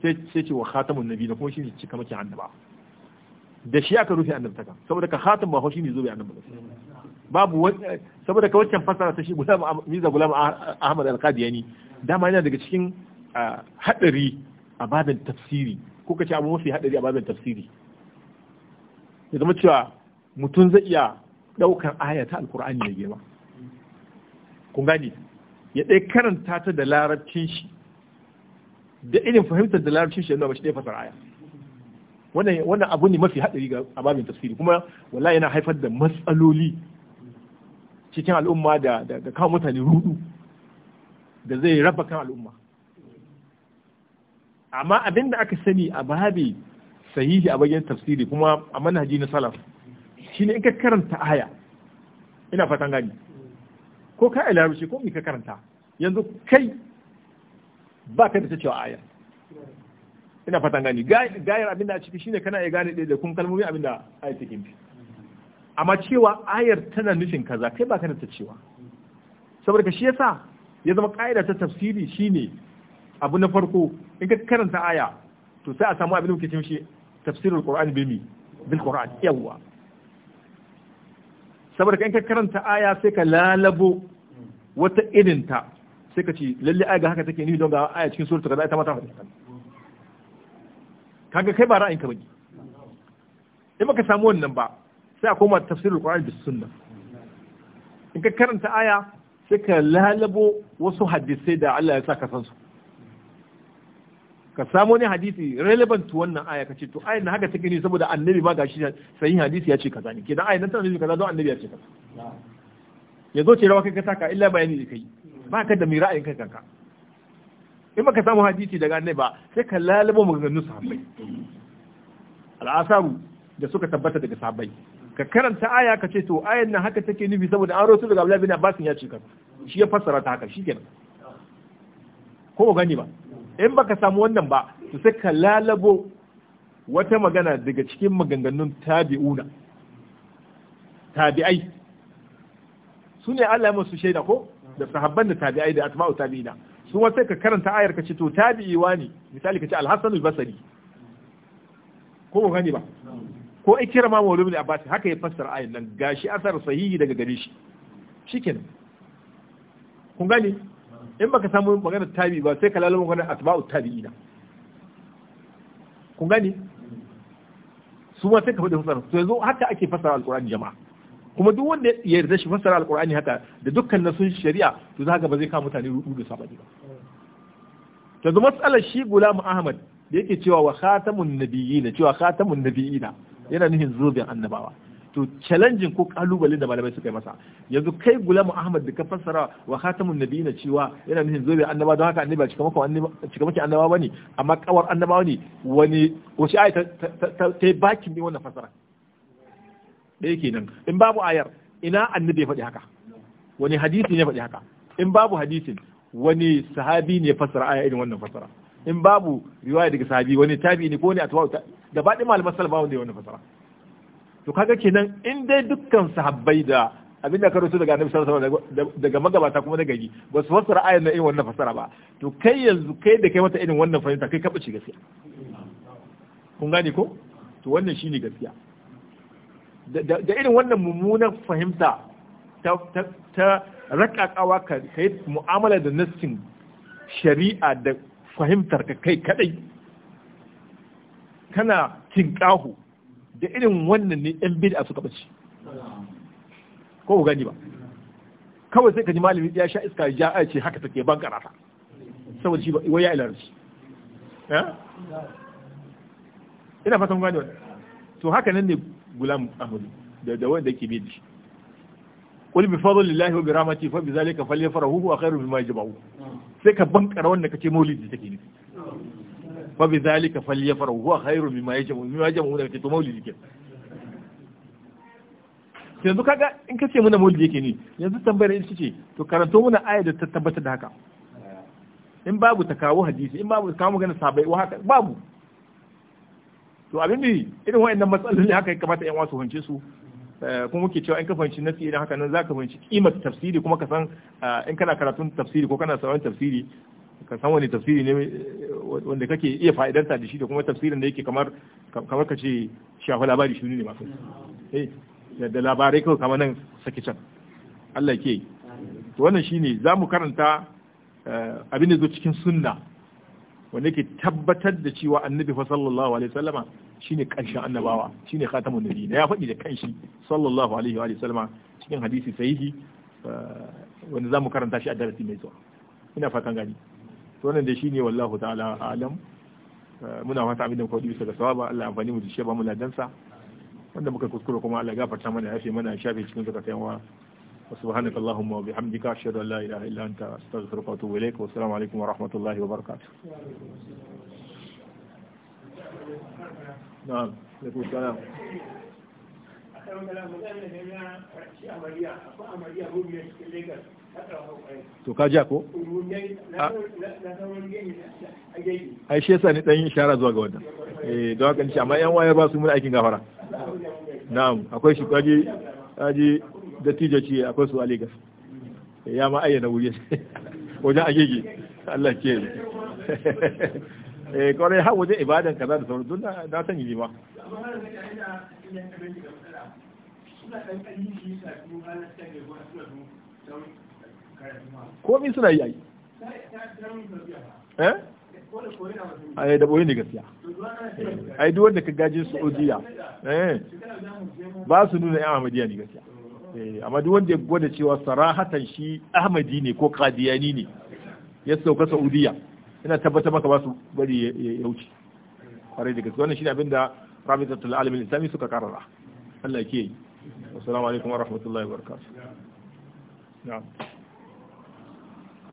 sai sai ce wa khatamun nabi da kuma shi ne cika maki annaba da shi aka rufe saka saboda ka khatam ba shi ne zo bai annaba babu saboda ka waccan fasara ta shi gulam miza gulam ahmad al dama yana daga cikin ah, hadari a babin tafsiri ko ka ce abu mafi haɗari a babin tafsiri ya zama cewa mutum zai iya ɗaukar ayata ta alkur'ani mai girma kun gani ya ɗaya karanta ta da larabcin shi da irin fahimtar da larabcin shi yana ba shi ɗaya fasar aya wannan abu ne mafi haɗari ga babin tafsiri kuma wala yana haifar da matsaloli cikin al'umma da kawo mutane rudu da zai raba kan al'umma amma abin da aka sani a babi sahihi a bayan tafsiri kuma a manhaji na salaf shine in ka karanta aya ina fatan gani ko ka larabci ko ka karanta yanzu kai ba ka da ta cewa aya ina fatan gani gayar abin da a ciki shine kana iya gane ɗaya da kun kalmomi abin da aya take nufi amma cewa ayar tana nufin kaza kai ba ka da ta cewa saboda shi yasa ya zama ƙa'ida ta tafsiri shine abu na farko in ka karanta aya to sai a samu abin da muke cimshi tafsirul qur'ani bi mi bil qur'an yawa saboda in ka karanta aya sai ka lalabo wata irin ta sai ka ce lalle aya ga haka take ni don ga aya cikin suratul qada ita ma ta faɗi kaga kai ba ra'ayin ka bane in baka samu wannan ba sai a koma tafsirul qur'ani bis sunna in ka karanta aya sai ka lalabo wasu hadisai da Allah ya sa ka san su ka samu ne hadisi relevant to wannan aya kace to ayin haka take ne saboda annabi ma gashi sahihin hadisi ya ce kaza ne kidan ayin nan tana nufin kaza don annabi ya ce kaza ya zo ce rawa kai ka taka illa bayani da kai ba ka da mai ra'ayin kai kanka in baka samu hadisi daga annabi ba sai ka lalabo nusa sahabbai al'asaru da suka tabbata daga sabai ka karanta aya ka ce to ayin nan haka take nufi saboda an rasu daga Abdullahi bin Abbas ya ce kaza shi ya fassara ta haka shikenan ko gani ba in baka samu wannan ba su sai ka lalabo wata magana daga cikin maganganun tabi'una tabi'ai su ne Allah ya musu shaida ko da sahabban da tabi'ai da atma'u tabi'ina su wata ka karanta ayar ka ce to tabi'i wani misali ka ce al da ko ba gani ba ko ikrama maulud wani Abbas haka ya fassara ayar nan gashi asar sahihi daga gare shi shikenan kun gani in baka samu maganar tabi ba sai ka lalama maganar asba'u tabi'ina kun gani su ma sai ka faɗi fasara to yanzu haka ake fasara alqur'ani jama'a kuma duk wanda ya yarda shi fasara alqur'ani haka da dukkan nasun shari'a to za ka ba zai kawo mutane rudu da sabani ba yanzu matsalar shi gulam ahmad da yake cewa wa khatamun nabiyina cewa khatamun nabiyina yana nufin zubin annabawa to challenging ko kalubale da malamai suka yi masa yanzu kai gulamu ahmad da ka fassara wa khatamun nabiyina cewa yana nufin zobe annaba don haka annabi ba cika maka annaba bane amma kawar annaba ne wani wace ayi ta bakin ne wannan fassara ɗaya kenan in babu ayar ina annabi ya faɗi haka wani hadisi ne faɗi haka in babu hadisin wani sahabi ne ya fassara aya irin wannan fassara in babu riwaya daga sahabi wani tabi ne ko ne a da gaba ɗaya malaman salama wanda ya wannan fassara to kaga kenan in dai dukkan sahabbai da abin da karo su daga annabi sallallahu alaihi wasallam daga magabata kuma daga gari ba su fassara ayar na irin wannan fassara ba to kai yanzu kai da kai mata irin wannan fahimta kai ka buci gaskiya kun gane ko to wannan shine gaskiya da irin wannan mummunan fahimta ta rakakawa ka yi mu'amala da nassin shari'a da fahimtar ka kai kadai kana tinkahu da irin wannan ne yan bid'a suka bace ko ku gani ba kawai sai ka ji malami ya sha iska ya a ce haka take ban karata saboda shi wai ya ilarci eh? ina fatan gani wannan to haka nan ne gulam ahmadu da da wanda yake bi shi qul bi fadlillahi wa bi rahmatihi fa bi zalika falyafrahu wa khairu mimma yajma'u sai ka bankara wannan kace maulidi take nufi fa bi zalika falyafar huwa khairu mimma yajmu mimma yajmu da to maulidi ke yanzu kaga in kace muna maulidi yake ni yanzu tambayar ita ce to karanto muna aya da ta tabbatar da haka in babu ta kawo hadisi in babu ta kawo magana sabai wa haka babu to abin da irin wayannan matsaloli haka ya kamata yan wasu hance su eh, kuma muke cewa in ka fahimci nasi idan haka nan zaka fahimci kimar tafsiri kuma ka san eh, in kana karatun tafsiri ko kana sauraron tafsiri ka san wani tafsiri ne eh, wanda kake iya fa'idarta da shi da kuma tafsirin da yake kamar kamar ka ce shafa labari shi ne masu eh da labarai kawai kamar nan saki can Allah ke to wannan shine za mu karanta eh, abin da zo cikin sunna wanda yake tabbatar da cewa annabi fa sallallahu alaihi wasallama shine kanshin annabawa shine khatamun ne ya faɗi da kanshi sallallahu alaihi wa sallama cikin hadisi sahihi eh, wanda za mu karanta shi a darasi mai zuwa ina fatan gani to wannan da shine wallahu ta'ala alam muna fata abin da muka bisa ga sawaba Allah amfani mu da shi ba mu ladansa wanda muka kuskura kuma Allah gafarta mana yafe mana shafe cikin zakatan wa سبحانك اللهم وبحمدك أشهد أن لا إله إلا أنت أستغفرك وأتوب إليك والسلام عليكم ورحمة الله وبركاته نعم عليكم السلام أحسن كلام مدرسة هنا عملية أكو عملية هو من to ka ja ko ah. ai shi yasa ni dan yin shara zuwa ga wannan eh don haka nace amma yan wayar ba su mun aikin gafara na'am akwai shi kaji kaji da tijo ce akwai su aligas eh, ya ma ayyana wuri (laughs) wajen agege Allah ke (laughs) eh kwarai ha wajen ibadan kaza da sauran dunna na san yi ma suna komi suna yi ayi eh ayi da boye ne gaskiya ayi duk wanda ka gaje odiya eh ba su nuna yan Ahmadiyya ne gaskiya eh amma duk wanda ya gwada cewa sarahatan shi Ahmadi ne ko Qadiyani ne ya sauka Saudiya ina tabbatar maka ba su bari ya wuce kwarai da gaske wannan shine abinda Rabitatul Alamin Islami suka karara Allah ya kiyaye assalamu alaikum warahmatullahi wabarakatuh na'am